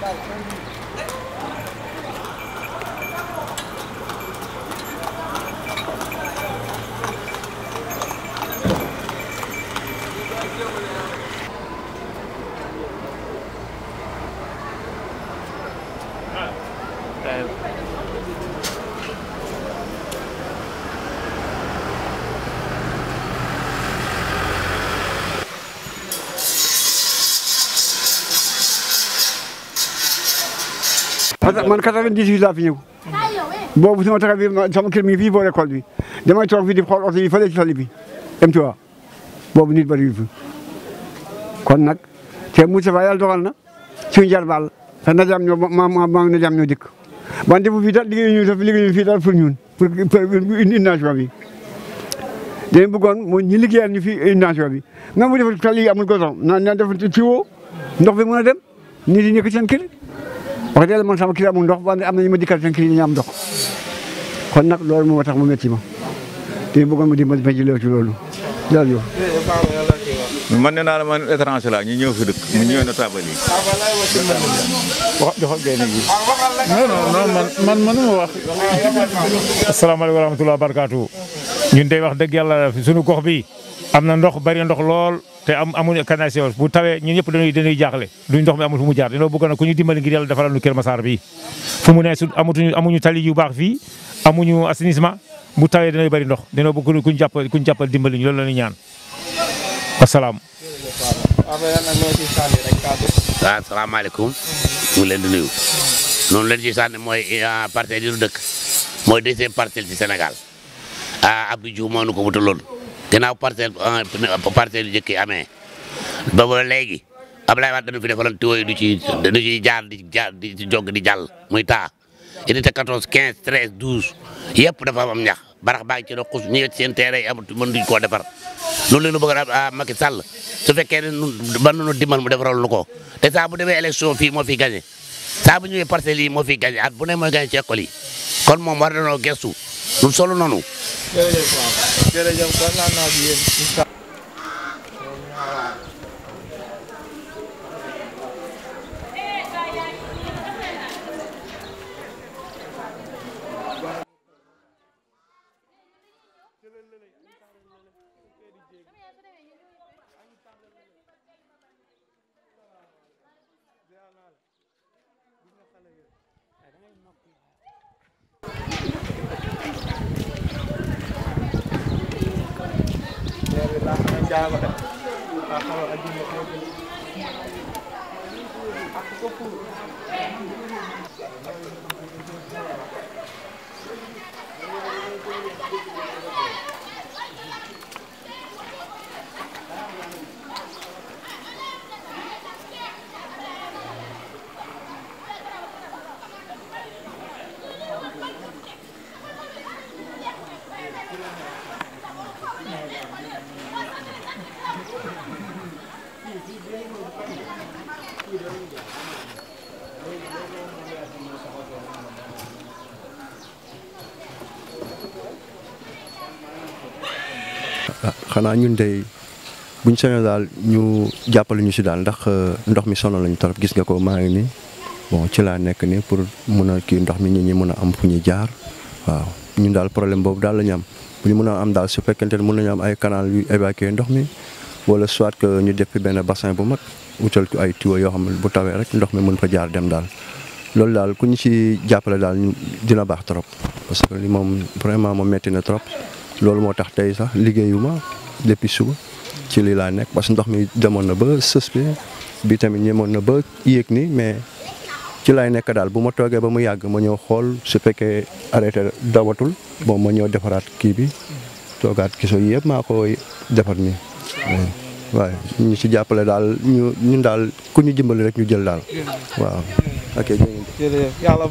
Thank you. man 98 a fi ñëw. boobu sama taxa bi sama kër mi ngi fii boo récolte bi damay toog fii di xool oto yi fële ci tali bi MTA boobu nit bëri fi kon nag te Moustapha yàlla dogal na suñu jarbaal te Nadiame ñoo ma ma ma ñoo dikk man defu fii daal liggéey ñu da liggéey fii daal pour ñun pour inondation bi dañu bëggoon mu ñu liggéeyal ñu fii inondation bi même bu defee tali yi amul goudron na na def ci ndox bi mën a dem nit yi nekk seen wax dëgg man sama kii amul ndox ba am na ñu ma dikkal seen kii ñu am ndox kon nag loolu moo tax mu métti ma te ñu bëggoon ma dimbali ma jëlee ci loolu loolu man nee naa la man étranger laa ñu ñëw fi dëkk mu ñëw na tabal yi. wax joxal génn gi. non non non man man mënuma wax. asalaamaaleykum wa rahmatulah barakaatu. ñun day wax dëgg yàlla sunu gox bi am na ndox bari ndox lool. té am amuñu canalisation bu tawé ñi ñëpp dañuy dañuy jaaxle luñ dox mi amul fu mu jaar bëgg na ku ñu dimbali ngir yalla defaral ñu Kër Massar bi fu mu ne su amatuñu amuñu tali yu baax fii amuñu assainissement bu tawé dañuy bari ndox dañu bëgg japp ku ñu jappal dimbali ñu loolu la ñaan assalam waaw ñu leen di nuyu. non leen ci sànni moy euh, parti du dëkk moy deuxième parti ci Sénégal ah Abdou Diouf moo nu ko wutaloon ginnaaw parcelle ah, parcelle yu njëkk yi amee boobu léegi Ablaye Wade dañu fi defaloon tuyau yi du ci du ci jaar di jog di jàll muy taa unité 14 15 13 12 yëpp dafa am ñax barax baa ci doxus ñu yëg seen terrain yi amut mën defar loolu la ñu bëgg a ah, Macky Sall fekkee ne nun ba nu dimbal mu defaral nu ko te saa bu demee élection fii moo fi gagné saa bu ñëwee parcelles yi moo fi gagné at bu ne mooy gagné ci école kon moom war nañoo gëstu lu solo noonu. jërëjëf waaw Alhamdulillah xana ñun day buñ sañu dal ñu jappal ñu ci dal ndax euh, ndox mi sonal lañu torop gis nga ko maangi ni bon ci la nek ni pour mëna ki ndox mi nit ñi mëna am fu jaar waaw ñun dal problème bobu dal lañu am bu ñu mën am dal su fekkente mëna ñu am ay canal yu évacuer ndox mi wala soit que ñu def ben bassin bu mag utal ko ay tuyau yo xam bu tawé rek ndox mi mëna fa jaar dem dal lol dal ku ñu si dal ñu dina bax trop parce que li mom vraiment moom metti na trop lol motax tay sax liggéeyuma depuis suba ci lii laa nekk parce que ndox mi demoon na ba sës bi tamit ñemoon na ba yéeg ni mais ci lay nekk daal bu ma toogee ba mu yàgg ma ñëw xool su fekkee arrêté dawatul boo ma ñëw defaraat kii bi toogaat kiso yi yëpp maa ko defar nii waaye ñu si jàppale daal ñu ñun daal ku ñu jimbali rek ñu jël daal waaw ok jërëjëf yàlla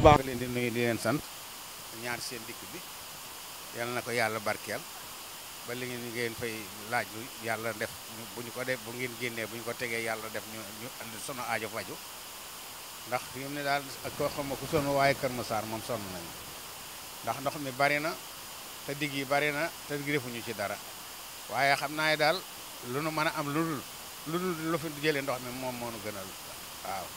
ñaar seen dikk bi ko yàlla barkeel ba li ngeen ngeen fay laaj yàlla def bu ñu ko def bu ngeen génnee bu ñu ko tegee yàlla def ñu ñu sunu aajo faju ndax fi mu ne daal ak koo ma ku sonn waaye Kër Massar moom sonn nañu ndax ndox mi bari na te digg bari na te defuñu ci dara waaye xam naa daal lu nu mën a am lu dul lu dul lu fi jëlee ndox mi moom moo nu gënal waaw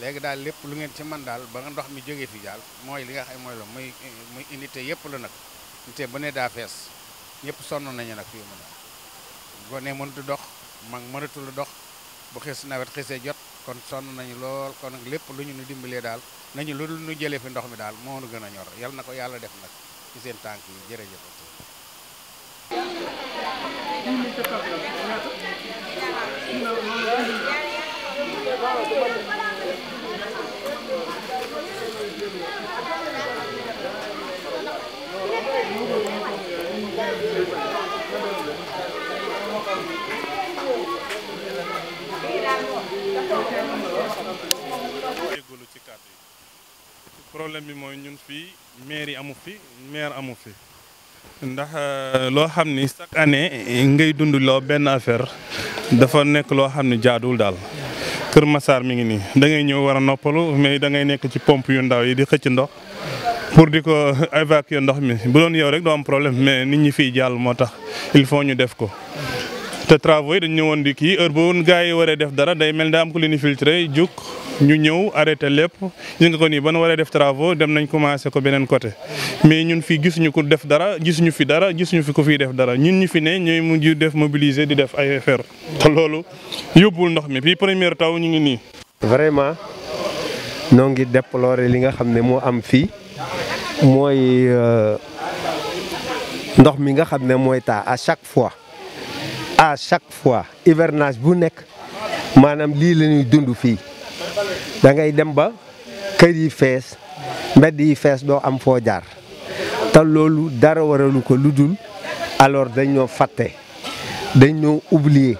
léegi daal lépp lu ngeen ci man daal ba ndox mi jógee fi daal mooy li nga xam mooy la muy muy unité yëpp lu nag unité bu ne daa fees ñépp sonn nañu nag fii mu ne gone mënatu dox mag mënatul dox bu xis nawet xisee jot kon sonn nañu lool kon lépp lu ñu nu dimbalee daal nañu lu nu jëlee fi ndox mi daal moo nu gën a ñor yal na ko yàlla def nag ci seen tànk yi jërëjëf Thank jégalu ci kàddu yi problème bi mooy ñun fii maire amu fi maire amu fi ndax euh, loo xam ni chaque année ngay dund lo ben affaire dafa nekk loo xam ne jaaduwul daal Massar mi ngi nii da ngay ñëw war noppalu mais da ngay ci pompe yu ndaw yi di xëcc ndox pour di ko évacuer ndox mi bu doon yow rek doo am problème mais nit ñi fii jàll moo tax il faut ñu def ko. te travaux yi dañ ñëwoon di kii heure bu gaa yi waree def dara day mel ne am ku leen filtré juk ñu ñëw arrêté lépp ñu nga ko nii ba nu waree def travaux dem nañ commencé ko beneen côté mais ñun fii gisuñu ko def dara gisuñu fi dara gisuñu fi ko fiy def dara ñun ñu fi ne ñooy mujj def mobiliser di def ay affaire te loolu yóbbul ndox mi fii première taw ñu ngi nii. vraiment noo ngi déplorer li nga xam ne moo am fii. mooy euh, ndox mi nga xam ne mooy taa à chaque fois à chaque fois hivernage bu nekk maanaam lii la dund fii da ngay dem ba kër yi fees mbedd yi fees doo am foo jaar te loolu dara waralu ko lu dul alors dañ ñoo fàtte dañ ñoo oublier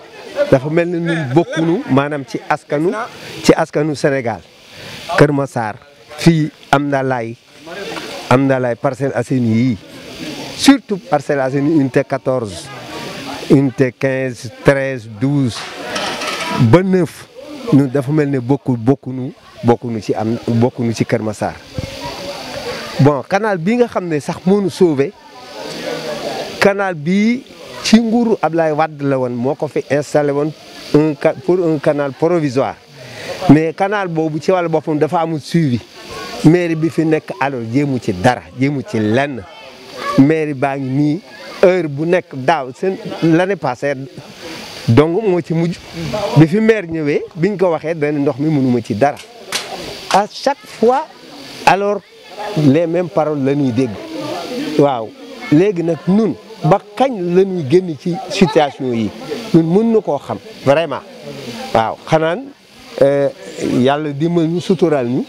dafa mel ni ñun bokkunu maanaam ci askanu ci askanu Sénégal Kër Massar fii am na lay Amdalaye Parcelles assez surtout Parcelles unité 14 unité 15 13 12 ba 9 Nous beaucoup, nous beaucoup beaucoup nous beaucoup bon canal bi nga canal b, ci pour un canal provisoire mais canal de suivi. mairie bi fi nekk alors jéemu ci dara jéemu ci lenn mairie baa ngi nii heure bu nekk daaw seen l'année passée donc moo ci mujj bi fi maire ñëwee biñ ko waxee dañ ndox mi mënuma ci dara à chaque fois alors les mêmes paroles la ñuy dégg waaw léegi nag nun ba kañ la ñuy génn ci situation yi ñun mën na koo xam vraiment waaw xanaan Eh, yàlla dimbal ñu suturaal ñu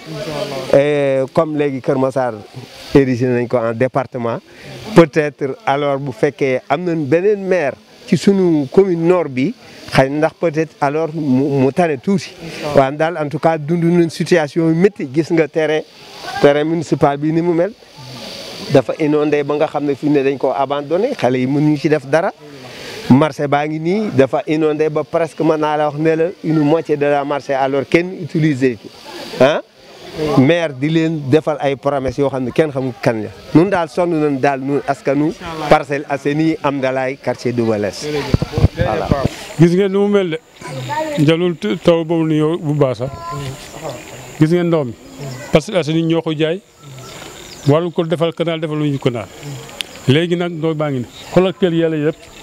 eh, comme léegi Kër Massar érigé nañ ko en département peut-être alors bu fekkee am nañ beneen maire ci sunu commune nord bi xëy ndax peut-être alors mu tane tuuti waaw daal en tout cas dund nañ situation yu métti gis nga terrain terrain municipal bi ni mu mel dafa inondé ba nga xam ne fi ne dañ koo abandonné xale yi mënuñu ci def dara marché baa ngi nii dafa inondé ba presque mën naa la wax ne la une moitié de la alors kenn utilisé ah maire di leen defal ay promesses yoo xam ne kenn xamul kan la nun daal sonn nañ daal nun askanu Parcelles Assainies am dalaay quartier du Vallès gis ngeen ni mu mel de jalul taw boobu nu yow bu baax sax gis ngeen ndox mi Parcelles Assainies ñoo ko jaay wàllu ko defal canal defal lu ñu canal léegi nag ndox baa ngi ne xoolal kër yàlla yëpp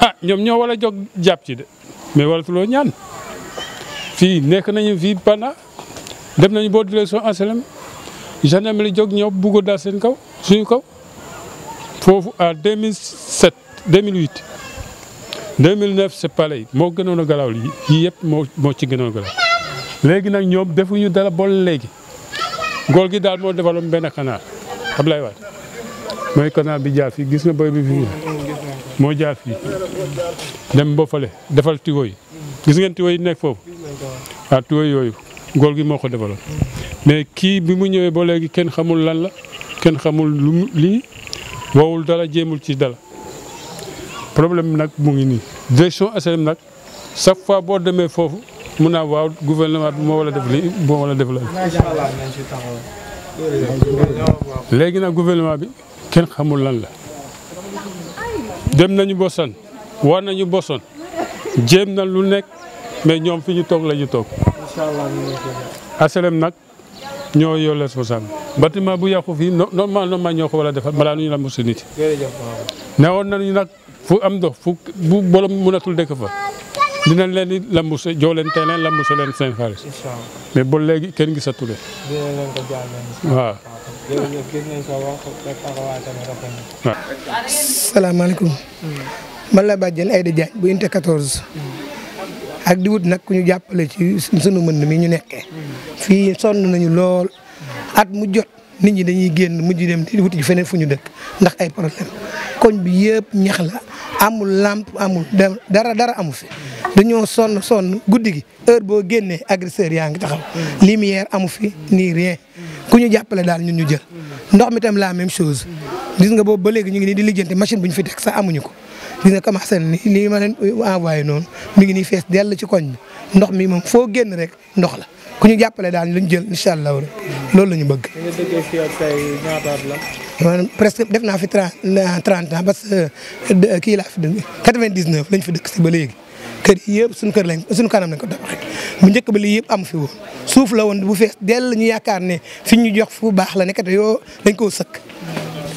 ah ñoom ñoo war a jóg jàpp ci de mais waratuloo ñaan fii nekk nañu fii pana dem nañu boo direction ASLM gendarmerie jóg ñoo bugg daal seen kaw suñu kaw foofu à 2007 2008 2009 c'est pareil moo gënoon a garaaw lii yii yëpp moo moo ci gënoon a garaaw léegi nag ñoom defuñu dara ba léegi góor gi daal moo defaloon benn canal lay Wade mooy canal bi jaar fii gis na bëy bi fii. moo jaar fii dem ba fële defal tiwo yi gis ngeen tiwo yi nekk foofu waaw ah, tiwo yooyu góor gi moo ko defaloon mais kii bi mu ñëwee ba léegi kenn xamul lan la kenn xamul lu lii wawul dara jéemul ci dara problème nag mu ngi nii direction HLM nag chaque fois boo demee foofu mun naa waaw gouvernement bi moo war a def lii moo war a def la léegi nag gouvernement bi kenn xamul lan la dem nañu bosan war nañu boson jéem na lu nekk mais ñoom fi ñu toog la ñu toog. HLM nag ñoo yor responsable bâtiment bu yàqu fii normal normal ñoo ko war a defar balaa ñu la mos a nit. na woon nañu nag fu am ndox fu bu borom mënatul dëkk fa dinañ leen di lambu sa joo leen tey leen lambu sa leen mais ba léegi kenn gisatu leen. waaw. jërëjëf gis nañ sa wax taxawaay tamit la bàjjen Aïda Diagne bu Unité 14. ak di wut nag ku ñu jàppale ci sunu mën mi ñu nekkee. fii sonn nañu lool. at mu jot nit ñi dañuy génn mujj dem di wuti feneen fu ñu dëkk ndax ay problème koñ bi yëpp ñax la amul lampe amul dara dara amu fi. dañoo sonn sonn guddi gi heure boo génnee agresseur yaa ngi taxaw. Hmm. lumière amu fi nii rien. ku ñu jàppale daal ñun ñu jël ndox mi tam la même chose gis nga boobu ba léegi ñu ngi nii di lijjanti machine bu ñu fi teg sax amuñu ko gis nga commencé ni lii ma leen envoyé noonu mi ngi nii fees dell ci koñ mi ndox mi moom foo génn rek ndox la ku ñu jàppale daal luñ jël incha allah loolu la ñu bëgg. maanaam presque def naa fi trente ans parce que euh, kii laa fi dëkk quatre vingt lañ fi dëkk si ba léegi. kër yi yëpp suñu kër lañ suñu kanam lañ ko tabaxee bu njëkk ba lii la woon bu fees dell ñu yaakaar jox fu baax la nekkate yoo dañ koo sëkk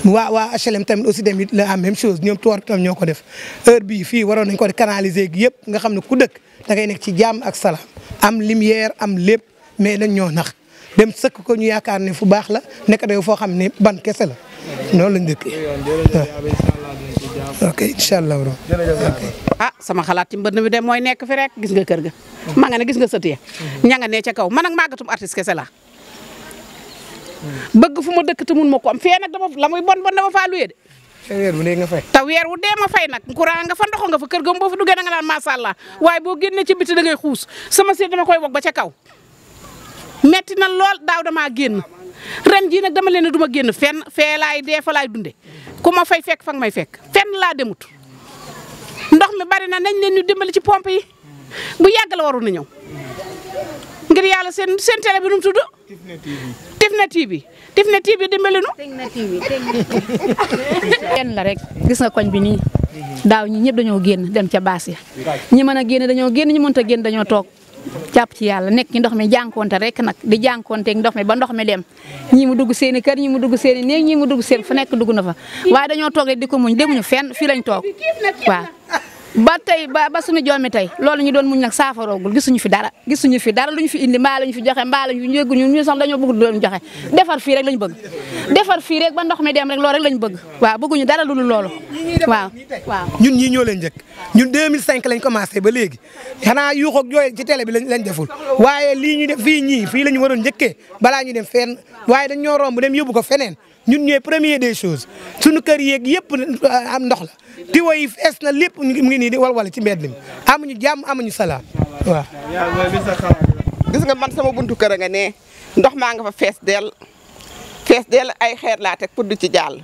waa waa HLM tamit aussi tamit la même chose ñoom toor tam ñoo ko def heure bi fii waroon nañ ko di canaliser gi yëpp nga xam ne ku dëkk da ngay nekk ci jàmm ak salaam am lumière am lépp mais dañ ñoo nax dem sëkk ko ñu yaakaar ne fu baax la nekkate foo xam ne ban kese la noonu lañ dëkk ok incha allah. ah sama xalaat ci mbënd mi de mooy nekk fi rek gis nga kër ga. maa nga ne gis nga sët ya ña nga ne ca kaw man ak màggatum artiste kese la bëgg fu ma dëkk te mun ma kom am fee nag dama la muy bon bon dama faa luye de. te weer wu dee weer wu dee ma fay nak courant nga fa ndox nga fa kër ga boo fa duggee da nga naan macha allah waaye boo génnee ci biti da ngay xuus sama sët dama koy wog ba ca kaw. metti na lool daaw damaa génn ren jii nag dama leen duma du ma génn fenn fa laay dunde ku ma fay fekk fa nga may fekk fenn laa demut ndox mi bari na nañ leen ñu dimbali ci pompe yi bu yàgg la waroon na ñëw ngir yàlla seen seen télé bi nu mu tudd. Tifna TV Tifna TV dimbali nu. Tifna TV kenn la rek gis nga koñ bi nii daaw ñi ñëpp dañoo génn dem ca baas ya ñi mën a génn dañoo génn ñi mënut génn dañoo toog. jàpp ci yàlla nekk ci ndox mi jànkonte rek nag di jànkonteeg ndox mi ba ndox mi dem ñii mu dugg seen i kër ñii mu dugg seen i néeg ñii mu dugg seen fu nekk dugg na fa waaye dañoo toog di ko muñ demuñu fenn fii lañ toog ba tey ba ba suñu joomi tey loolu ñu doon muñ nag saafaroogul gisuñu fi dara gisuñu fi dara lu ñu fi indi mbaa la ñu fi joxe mbaa la ñu yëguñu ñu sax dañoo bëgg doon joxe defar fii rek lañ bëgg defar fii rek ba ndox mi dem rek loolu rek lañ bëgg waaw bëgguñu dara lu loolu waaw waaw ñun ñii ñoo leen njëkk ñun 2005 lañ commencé ba léegi xanaa yuuxoog yooyu ci télé bi lañ lañ deful waaye lii ñu def fii ñii fii la ñu waroon njëkkee balaa ñu dem fenn waaye dañ ñoo romb dem yóbbu ko feneen ñun ñooy premier des choses suñu kër yeeg yëpp am ndox la tiwa fees na lépp mu ngi nii di walwal ci mbedd mi amuñu jàmm amuñu salaam waaw. gis nga man sama buntu kër a nga ne ndox maa nga fa fees del fees del ay xeer laa teg pour di ci jàll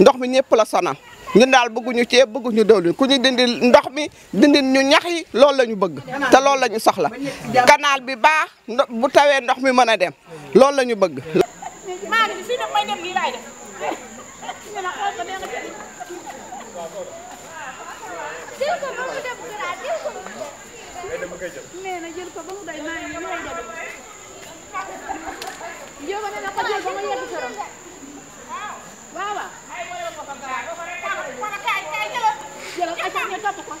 ndox mi ñëpp la sonal ñun daal bëgguñu ceeb bëgguñu dawlin ku ñu dindi ndox mi dindi ñu ñax yi loolu la ñu bëgg te loolu la ñu soxla canal bi baax bu tawee ndox mi mën a dem loolu la ñu bëgg. maa ngi fii nag may dem lii laay def ñu ne xool ko neex jël ko ba mu dem garaat jël ko nee na jël ko ba mu doy maa ngi lay dem jóoba na ko jël ba ma yegg këram waaw waaw jëlal acca ñu topp ko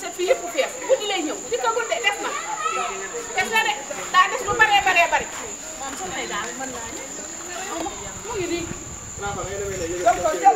set fi yëpp fees guddi lay ñëw dikkagul de des na des na de daa des lu baree baree bari moom soxna yi daal mën naa ne mu ngi nii